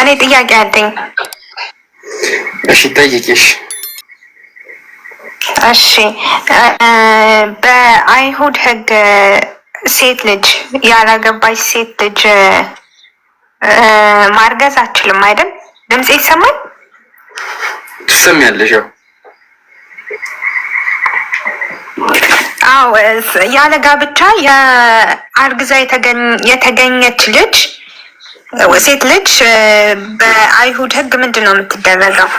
እኔ ጥያቄ አለኝ። እሺ ጠይቂሽ። እሺ በአይሁድ ህግ ሴት ልጅ ያላገባች ሴት ልጅ ማርገዝ አችልም አይደል? ድምጽ ይሰማል? ትሰሚያለሽ? ያው አዎ፣ ያለ ጋብቻ አርግዛ የተገኘች ልጅ ሴት ልጅ በአይሁድ ህግ ምንድን ነው የምትደረገው?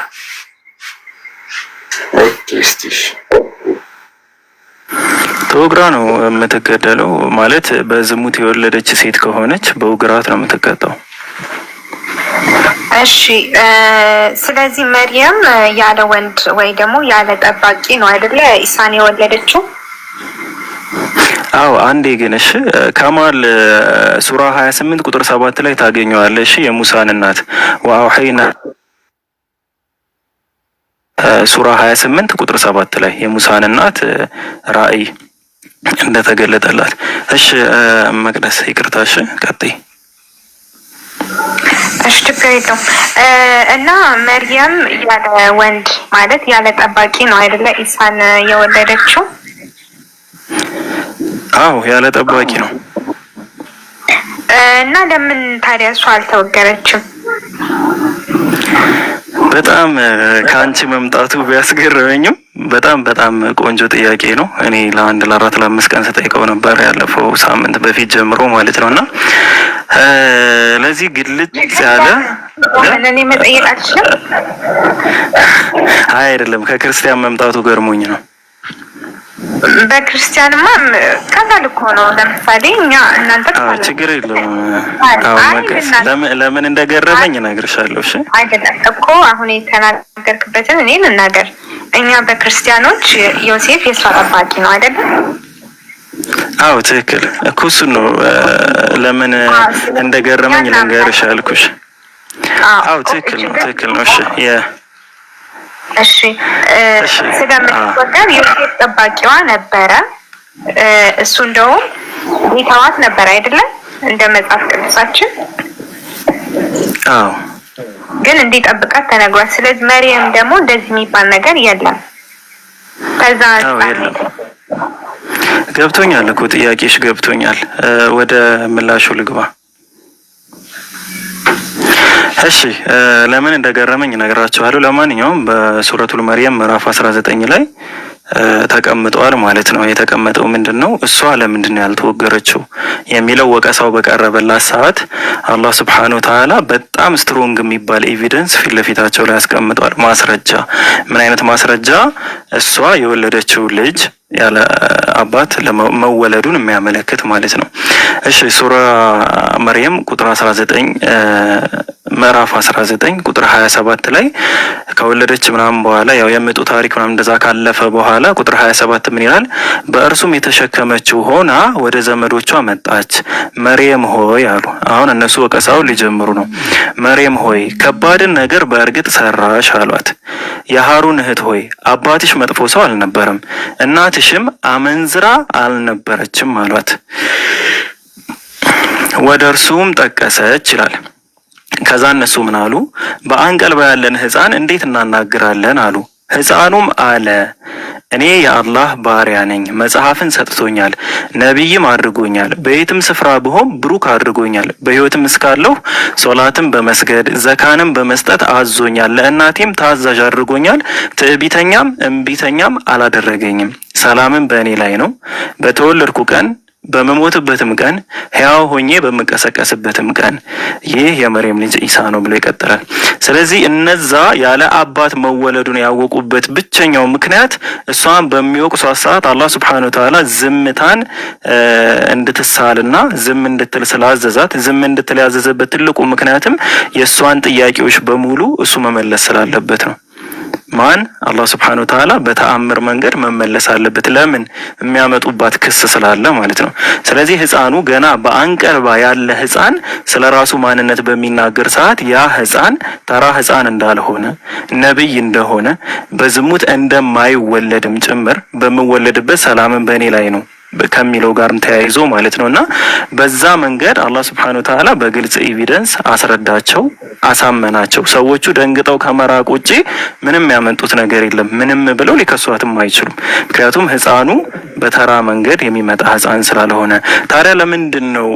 በውግራ ነው የምትገደለው። ማለት በዝሙት የወለደች ሴት ከሆነች በውግራት ነው የምትቀጣው። እሺ፣ ስለዚህ መርየም ያለ ወንድ ወይ ደግሞ ያለ ጠባቂ ነው አይደለ? ኢሳን የወለደችው አዎ አንዴ ግን እሺ፣ ከማል ሱራ 28 ቁጥር 7 ላይ ታገኘዋለሽ። የሙሳን እናት ወአውሐይና ሱራ 28 ቁጥር 7 ላይ የሙሳን እናት ራእይ እንደተገለጠላት። እሺ መቅደስ ይቅርታሽ፣ ቀጥይ። እሺ ችግር የለውም እና መርየም ያለ ወንድ ማለት ያለ ጠባቂ ነው አይደለ? ኢሳን የወለደችው አዎ ያለ ጠባቂ ነው። እና ለምን ታዲያ እሷ አልተወገረችም? በጣም ከአንቺ መምጣቱ ቢያስገርመኝም በጣም በጣም ቆንጆ ጥያቄ ነው። እኔ ለአንድ ለአራት ለአምስት ቀን ስጠይቀው ነበር ያለፈው ሳምንት በፊት ጀምሮ ማለት ነው እና ለዚህ ግልጽ ያለ አይ አይደለም ከክርስቲያን መምጣቱ ገርሞኝ ነው። በክርስቲያንማ ቀላል እኮ ነው። ለምሳሌ እኛ እናንተ ችግር የለውም። ለምን እንደገረመኝ እነግርሻለሁ። እሺ አይደለም እኮ አሁን የተናገርክበትን እኔ ልናገር። እኛ በክርስቲያኖች ዮሴፍ ጠባቂ ነው አይደለም? አዎ ትክክል እኮ እሱን ነው። ለምን እንደገረመኝ ልንገርሽ አልኩሽ። አዎ ትክክል ነው፣ ትክክል ነው። እሺ እሺ ስለምትቆጠብ ጠባቂዋ ነበረ። እሱ እንደውም ቤታዋት ነበር አይደለም፣ እንደ መጽሐፍ ቅዱሳችን ግን እንዲጠብቃት ተነግሯል። ስለዚህ መርየም ደግሞ እንደዚህ የሚባል ነገር የለም። ከዛ ገብቶኛል እኮ ጥያቄሽ ገብቶኛል። ወደ ምላሹ ልግባ። እሺ ለምን እንደገረመኝ ነግራችኋለሁ። ለማንኛውም በሱረቱል መርየም ምዕራፍ 19 ላይ ተቀምጧል ማለት ነው። የተቀመጠው ምንድን ነው? እሷ ለምንድን ነው ያልተወገረችው የሚለው ወቀሳው በቀረበላት ሰዓት አላህ ስብሐነሁ ወተዓላ በጣም ስትሮንግ የሚባል ኤቪደንስ ፊት ለፊታቸው ላይ ያስቀምጧል። ማስረጃ ምን አይነት ማስረጃ? እሷ የወለደችው ልጅ ያለ አባት መወለዱን የሚያመለክት ማለት ነው። እሺ ሱራ መርየም ቁጥር ዘጠኝ ምዕራፍ 19 ቁጥር 27 ላይ ከወለደች ምናምን በኋላ ያው የምጡ ታሪክ ምናምን እንደዛ ካለፈ በኋላ ቁጥር 27 ምን ይላል? በእርሱም የተሸከመችው ሆና ወደ ዘመዶቿ መጣች፣ መርየም ሆይ አሉ። አሁን እነሱ ወቀሳው ሊጀምሩ ነው። መርየም ሆይ ከባድን ነገር በእርግጥ ሰራሽ አሏት። የሀሩን እህት ሆይ አባትሽ መጥፎ ሰው አልነበረም፣ እና ። ሴትሽም አመንዝራ አልነበረችም አሏት። ወደ እርሱም ጠቀሰች ይላል። ከዛ እነሱ ምን አሉ? በአንቀልባ ያለን ህፃን እንዴት እናናግራለን አሉ። ህፃኑም አለ እኔ የአላህ ባሪያ ነኝ። መጽሐፍን ሰጥቶኛል፣ ነቢይም አድርጎኛል። በየትም ስፍራ ብሆን ብሩክ አድርጎኛል። በህይወትም እስካለሁ ሶላትን በመስገድ ዘካንም በመስጠት አዞኛል። ለእናቴም ታዛዥ አድርጎኛል። ትዕቢተኛም እምቢተኛም አላደረገኝም። ሰላምን በእኔ ላይ ነው። በተወለድኩ ቀን በምሞትበትም ቀን ሕያው ሆኜ በምቀሰቀስበትም ቀን ይህ የመርየም ልጅ ኢሳ ነው ብሎ ይቀጥላል። ስለዚህ እነዛ ያለ አባት መወለዱን ያወቁበት ብቸኛው ምክንያት እሷን በሚወቅሷት ሰዓት አላህ ስብሐነሁ ወተዓላ ዝምታን እንድትሳልና ዝም እንድትል ስላዘዛት፣ ዝም እንድትል ያዘዘበት ትልቁ ምክንያትም የእሷን ጥያቄዎች በሙሉ እሱ መመለስ ስላለበት ነው። ማን አላህ ስብሐነ ወተዓላ በተአምር መንገድ መመለስ አለበት። ለምን የሚያመጡባት ክስ ስላለ ማለት ነው። ስለዚህ ህፃኑ ገና በአንቀልባ ያለ ህፃን ስለ ራሱ ማንነት በሚናገር ሰዓት ያ ህፃን ተራ ህፃን እንዳልሆነ ነብይ እንደሆነ በዝሙት እንደማይወለድም ጭምር በምወለድበት ሰላምን በእኔ ላይ ነው ከሚለው ጋርም ተያይዞ ማለት ነው እና በዛ መንገድ አላህ ስብሐነ ወተዓላ በግልጽ ኤቪደንስ አስረዳቸው፣ አሳመናቸው። ሰዎቹ ደንግጠው ከመራቅ ውጪ ምንም ያመጡት ነገር የለም። ምንም ብለው ሊከሷትም አይችሉም። ምክንያቱም ህፃኑ በተራ መንገድ የሚመጣ ህፃን ስላልሆነ። ታዲያ ለምንድን ነው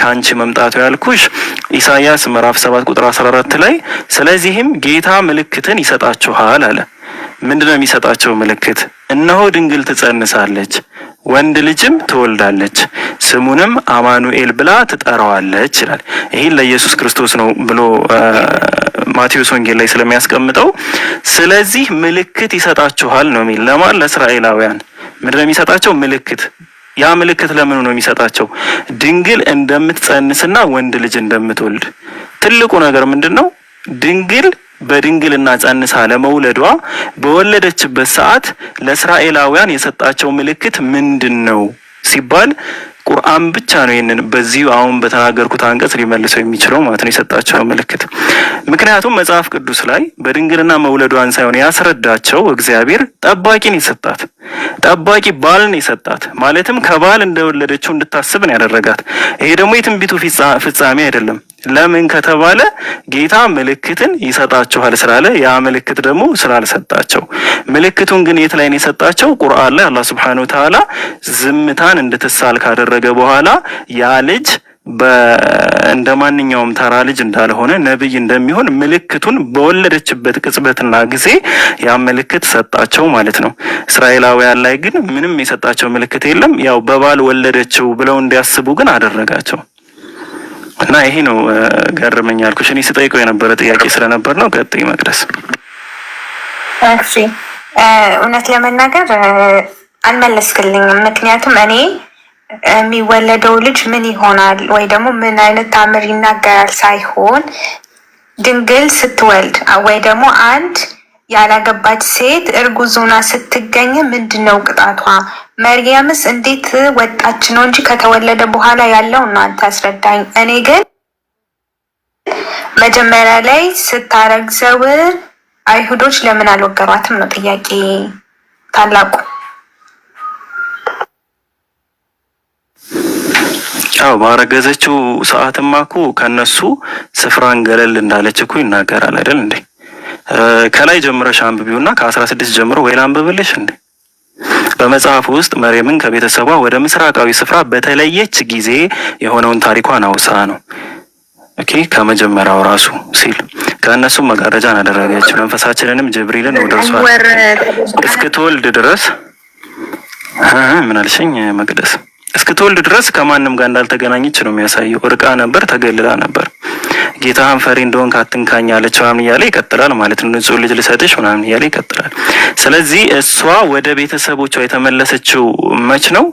ከአንቺ መምጣቱ ያልኩሽ? ኢሳያስ ምዕራፍ 7 ቁጥር 14 ላይ ስለዚህም ጌታ ምልክትን ይሰጣችኋል አለ። ምንድነው የሚሰጣቸው ምልክት? እነሆ ድንግል ትጸንሳለች ወንድ ልጅም ትወልዳለች ስሙንም አማኑኤል ብላ ትጠራዋለች ይላል። ይህን ለኢየሱስ ክርስቶስ ነው ብሎ ማቴዎስ ወንጌል ላይ ስለሚያስቀምጠው ስለዚህ ምልክት ይሰጣችኋል ነው የሚል ለማን ለእስራኤላውያን ምድር የሚሰጣቸው ምልክት ያ ምልክት ለምኑ ነው የሚሰጣቸው? ድንግል እንደምትጸንስና ወንድ ልጅ እንደምትወልድ። ትልቁ ነገር ምንድን ነው? ድንግል በድንግልና ጸንሳ ለመውለዷ በወለደችበት ሰዓት ለእስራኤላውያን የሰጣቸው ምልክት ምንድን ነው ሲባል ቁርአን ነው ይህንን በዚህ አሁን በተናገርኩት አንቀጽ ሊመልሰው የሚችለው ማለት ነው የሰጣቸው ምልክት። ምክንያቱም መጽሐፍ ቅዱስ ላይ በድንግልና መውለዷን ሳይሆን ያስረዳቸው እግዚአብሔር ጠባቂን የሰጣት ጠባቂ ባልን የሰጣት ማለትም ከባል እንደወለደችው እንድታስብን ያደረጋት። ይሄ ደግሞ የትንቢቱ ፍጻሜ አይደለም። ለምን ከተባለ ጌታ ምልክትን ይሰጣችኋል ስላለ ያ ምልክት ደግሞ ስላልሰጣቸው፣ ምልክቱን ግን የት ላይ ነው የሰጣቸው? ቁርአን ላይ አላህ ሱብሓነሁ ተዓላ ዝምታን እንድትሳል ካደረገ በኋላ ያ ልጅ እንደ ማንኛውም ተራ ልጅ እንዳልሆነ ነብይ እንደሚሆን ምልክቱን በወለደችበት ቅጽበትና ጊዜ ያ ምልክት ሰጣቸው ማለት ነው። እስራኤላውያን ላይ ግን ምንም የሰጣቸው ምልክት የለም። ያው በባል ወለደችው ብለው እንዲያስቡ ግን አደረጋቸው እና ይሄ ነው ገርመኝ ያልኩሽ። እኔ ስጠይቀው የነበረ ጥያቄ ስለነበር ነው። ቀጥይ መቅደስ። እውነት ለመናገር አልመለስክልኝም፣ ምክንያቱም እኔ የሚወለደው ልጅ ምን ይሆናል ወይ ደግሞ ምን አይነት ታምር ይናገራል ሳይሆን ድንግል ስትወልድ ወይ ደግሞ አንድ ያላገባች ሴት እርጉዙና ስትገኝ ምንድን ነው ቅጣቷ? መርያምስ እንዴት ወጣች ነው እንጂ ከተወለደ በኋላ ያለው እናንተ አስረዳኝ። እኔ ግን መጀመሪያ ላይ ስታረግዘው አይሁዶች ለምን አልወገሯትም ነው ጥያቄ ታላቁ አዎ ባረገዘችው ሰዓትማ እኮ ከነሱ ስፍራን ገለል እንዳለች እኮ ይናገራል አይደል እንዴ? ከላይ ጀምረሽ አንብቢውና ከአስራ ስድስት ጀምሮ ወይ ላንብብልሽ እንዴ? በመጽሐፍ ውስጥ መርየምን ከቤተሰቧ ወደ ምስራቃዊ ስፍራ በተለየች ጊዜ የሆነውን ታሪኳን አውሳ ነው። ኦኬ ከመጀመሪያው ራሱ ሲል ከነሱ መጋረጃን አደረገች፣ መንፈሳችንንም ጅብሪልን ወደ እርሷ እስክትወልድ ድረስ ምን አልሽኝ? መቅደስ እስክትወልድ ድረስ ከማንም ጋር እንዳልተገናኘች ነው የሚያሳየው። እርቃ ነበር፣ ተገልላ ነበር። ጌታህን ፈሪ እንደሆን ካትንካኝ አለች ምናምን እያለ ይቀጥላል ማለት ነው። ንጹህ ልጅ ልሰጥሽ ምናምን እያለ ይቀጥላል። ስለዚህ እሷ ወደ ቤተሰቦቿ የተመለሰችው መች ነው?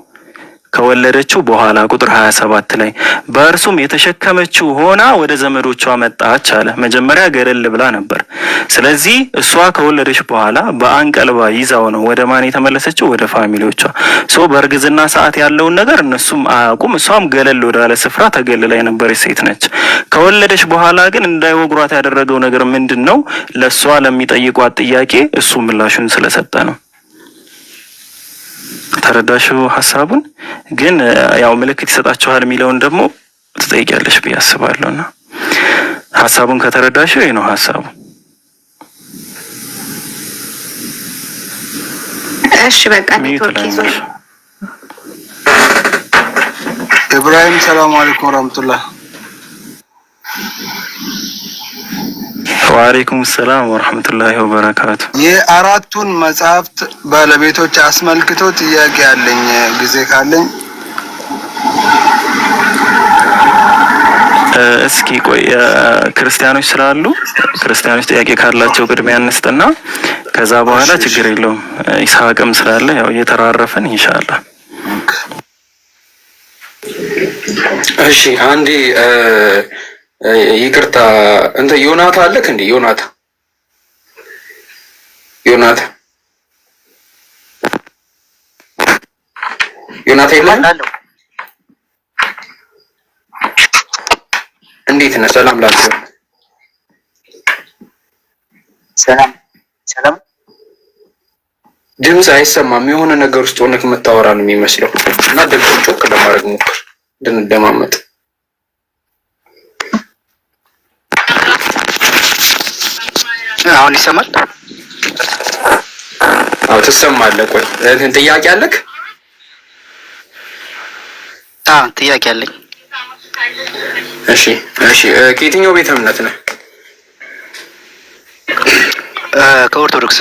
ከወለደችው በኋላ ቁጥር 27 ላይ በእርሱም የተሸከመችው ሆና ወደ ዘመዶቿ መጣች አለ። መጀመሪያ ገለል ብላ ነበር። ስለዚህ እሷ ከወለደች በኋላ በአንቀልባ ይዛው ነው ወደ ማን የተመለሰችው? ወደ ፋሚሊዎቿ። ሶ በእርግዝና ሰዓት ያለውን ነገር እነሱም አያውቁም። እሷም ገለል ወዳለ ስፍራ ተገልላ የነበረች ሴት ነች። ከወለደች በኋላ ግን እንዳይወግሯት ያደረገው ነገር ምንድን ነው? ለእሷ ለሚጠይቋት ጥያቄ እሱ ምላሹን ስለሰጠ ነው። ተረዳሽው ሀሳቡን? ግን ያው ምልክት ይሰጣችኋል የሚለውን ደግሞ ትጠይቂያለሽ ብዬ አስባለሁ። እና ሀሳቡን ከተረዳሽ ይህ ነው ሀሳቡ። እሺ በቃ ኔትወርክ ይዞ ኢብራሂም፣ ሰላም አለይኩም ወራህመቱላህ ወአለይኩም ሰላም ወረህመቱላሂ ወበረካቱ። የአራቱን መጽሐፍት ባለቤቶች አስመልክቶ ጥያቄ አለኝ፣ ጊዜ ካለኝ እስኪ ቆይ። ክርስቲያኖች ስላሉ ክርስቲያኖች ጥያቄ ካላቸው ቅድሚያ እንስጥና ከዛ በኋላ ችግር የለውም። ኢስሐቅም ስላለ ያው እየተራረፈን ኢንሻአላ። እሺ አንዴ ይቅርታ እንትን ዮናታ አለክ እንዴ? ዮናታ ዮናታ ዮናታ ይላል። እንዴት ነህ? ሰላም ላንተ። ሰላም ሰላም። ድምፅ አይሰማም። የሆነ ነገር ውስጥ ሆነህ የምታወራ ነው የሚመስለው እና ደግሞ ጮክ ለማድረግ ሞክር እንድንደማመጥ አሁን ይሰማል? አዎ ትሰማለህ። ቆይ እንትን ጥያቄ አለክ? አዎ ጥያቄ አለኝ። እሺ እሺ። ከየትኛው ቤተ እምነት ነህ? ከኦርቶዶክስ።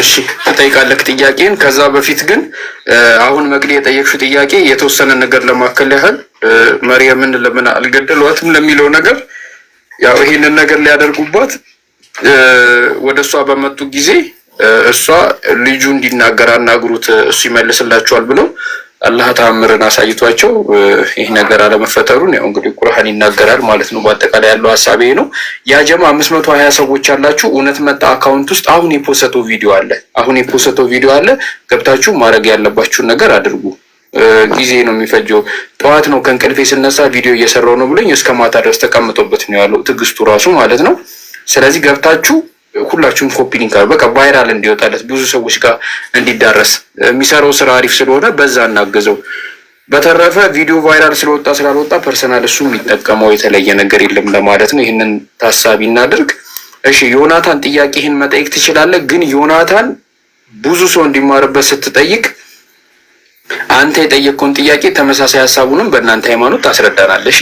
እሺ ትጠይቃለህ ጥያቄን። ከዛ በፊት ግን አሁን መቅዲ የጠየቅሽው ጥያቄ የተወሰነ ነገር ለማከል ያህል መርየምን ለምን አልገደሏትም ለሚለው ነገር ያው ይሄንን ነገር ሊያደርጉባት ወደ እሷ በመጡ ጊዜ እሷ ልጁ እንዲናገር አናግሩት እሱ ይመልስላቸዋል ብለው አላህ ተአምርን አሳይቷቸው ይህ ነገር አለመፈጠሩን ያው እንግዲህ ቁርአን ይናገራል ማለት ነው። በአጠቃላይ ያለው ሀሳብ ይሄ ነው። ያ ጀማ አምስት መቶ ሀያ ሰዎች ያላችሁ እውነት መጣ አካውንት ውስጥ አሁን የፖሰተው ቪዲዮ አለ። አሁን የፖሰተው ቪዲዮ አለ። ገብታችሁ ማድረግ ያለባችሁን ነገር አድርጉ። ጊዜ ነው የሚፈጀው። ጠዋት ነው ከእንቅልፌ ስነሳ ቪዲዮ እየሰራው ነው ብሎኝ እስከ ማታ ድረስ ተቀምጦበት ነው ያለው፣ ትዕግስቱ ራሱ ማለት ነው። ስለዚህ ገብታችሁ ሁላችሁም ኮፒ ሊንክ በቃ ቫይራል እንዲወጣለት ብዙ ሰዎች ጋር እንዲዳረስ የሚሰራው ስራ አሪፍ ስለሆነ በዛ እናገዘው። በተረፈ ቪዲዮ ቫይራል ስለወጣ ስላልወጣ ፐርሰናል እሱ የሚጠቀመው የተለየ ነገር የለም ለማለት ነው። ይህንን ታሳቢ እናድርግ። እሺ ዮናታን ይህን መጠየቅ ትችላለህ፣ ግን ዮናታን ብዙ ሰው እንዲማርበት ስትጠይቅ አንተ የጠየቅኩን ጥያቄ ተመሳሳይ ሀሳቡንም በእናንተ ሃይማኖት ታስረዳናለሽ።